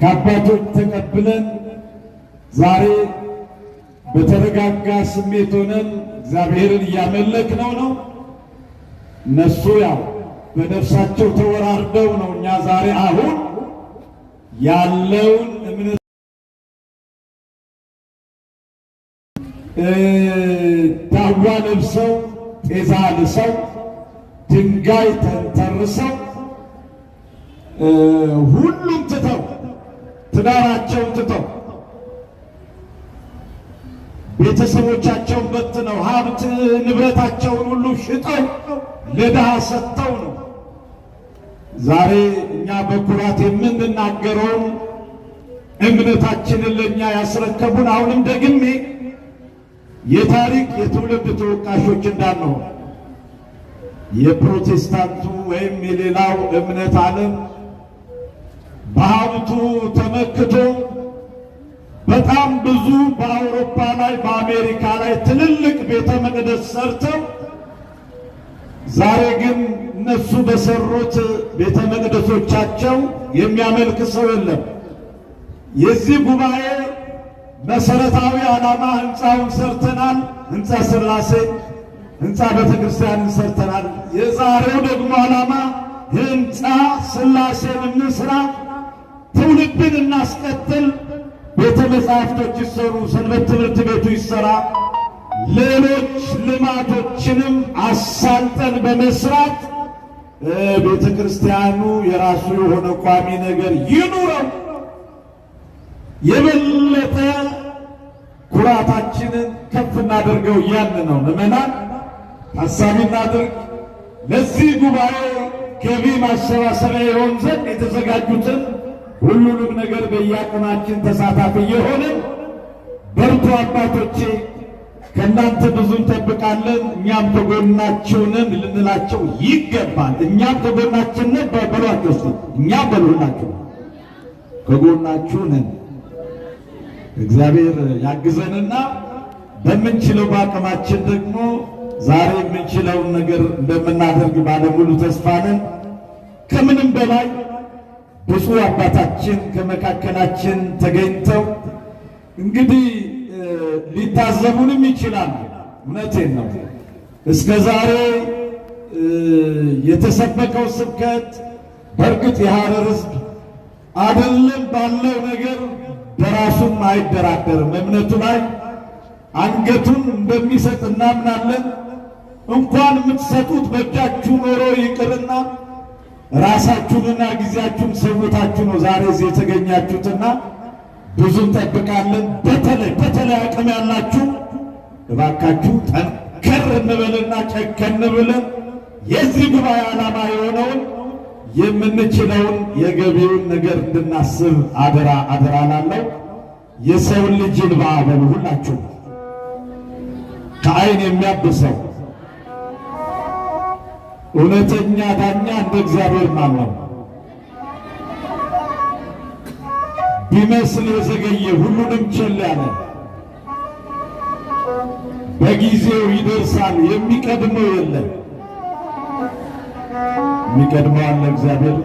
ከአባቶች ተቀብለን ዛሬ በተረጋጋ ስሜት ሆነን እግዚአብሔርን እያመለክነው ነው እነሱ ያው በነፍሳቸው ተወራርደው ነው። እኛ ዛሬ አሁን ያለውን እምነት ታዋ ለብሰው ጤዛ ልሰው ድንጋይ ተንተርሰው ሁሉም ትዳራቸውን ትተው ቤተሰቦቻቸውን በትነው ሀብት ንብረታቸውን ሁሉ ሽጠው ለድሃ ሰጥተው ነው ዛሬ እኛ በኩራት የምንናገረውን እምነታችንን ለእኛ ያስረከቡን። አሁንም ደግሜ የታሪክ የትውልድ ተወቃሾች እንዳንሆን የፕሮቴስታንቱ ወይም የሌላው እምነት ዓለም በሀብቱ አስመልክቶ በጣም ብዙ በአውሮፓ ላይ በአሜሪካ ላይ ትልልቅ ቤተ መቅደስ ሰርተው ዛሬ ግን እነሱ በሰሩት ቤተ መቅደሶቻቸው የሚያመልክ ሰው የለም። የዚህ ጉባኤ መሰረታዊ ዓላማ ህንፃውን ሰርተናል፣ ህንፃ ስላሴ ህንፃ ቤተክርስቲያንን ሰርተናል። የዛሬው ደግሞ ዓላማ ህንፃ ስላሴን እንስራ ትውልድን እናስቀጥል። ቤተ መጻሕፍቶች ይሰሩ፣ ሰንበት ትምህርት ቤቱ ይሰራ። ሌሎች ልማቶችንም አሳልጠን በመስራት ቤተ ክርስቲያኑ የራሱ የሆነ ቋሚ ነገር ይኑረው። የበለጠ ኩራታችንን ከፍ እናደርገው እያልን ነው። ምዕመናን ታሳቢ እናድርግ። ለዚህ ጉባኤ ገቢ ማሰባሰቢያ የሆን ዘንድ የተዘጋጁትን ሁሉንም ነገር በየአቅማችን ተሳታፊ የሆንን በርቱ አባቶቼ፣ ከእናንተ ብዙ እንጠብቃለን፣ እኛም ተጎናችሁንን ልንላቸው ይገባል። እኛም ተጎናችንን በበሏቸው ስ እኛም በሉላቸው ከጎናችሁንን እግዚአብሔር ያግዘንና በምንችለው በአቅማችን ደግሞ ዛሬ የምንችለውን ነገር እንደምናደርግ ባለሙሉ ተስፋ ነን። ከምንም በላይ ብፁዕ አባታችን ከመካከላችን ተገኝተው እንግዲህ ሊታዘቡንም ይችላል። እውነቴን ነው። እስከ ዛሬ የተሰበከው ስብከት በእርግጥ የሐረር ሕዝብ አይደለም ባለው ነገር በራሱም አይደራደርም። እምነቱ ላይ አንገቱን እንደሚሰጥ እናምናለን። እንኳን የምትሰጡት በእጃችሁ ኖሮ ይቅርና ራሳችሁንና ጊዜያችሁን ሰውታችሁ ነው ዛሬ እዚህ የተገኛችሁትና ብዙ እንጠብቃለን። በተለይ በተለይ አቅም ያላችሁ እባካችሁ ጠንከር እንበልና ጨከን ብለን የዚህ ጉባኤ ዓላማ የሆነውን የምንችለውን የገቢውን ነገር እንድናስብ አደራ አደራ ላለው የሰውን ልጅ ልባ በሉ ሁላችሁ ከአይን የሚያብሰው እውነተኛ ዳኛ እንደ እግዚአብሔር ማን ቢመስል የዘገየ ሁሉንም ቸል ያለ በጊዜው ይደርሳል። የሚቀድመው የለም። የሚቀድመው አለ እግዚአብሔር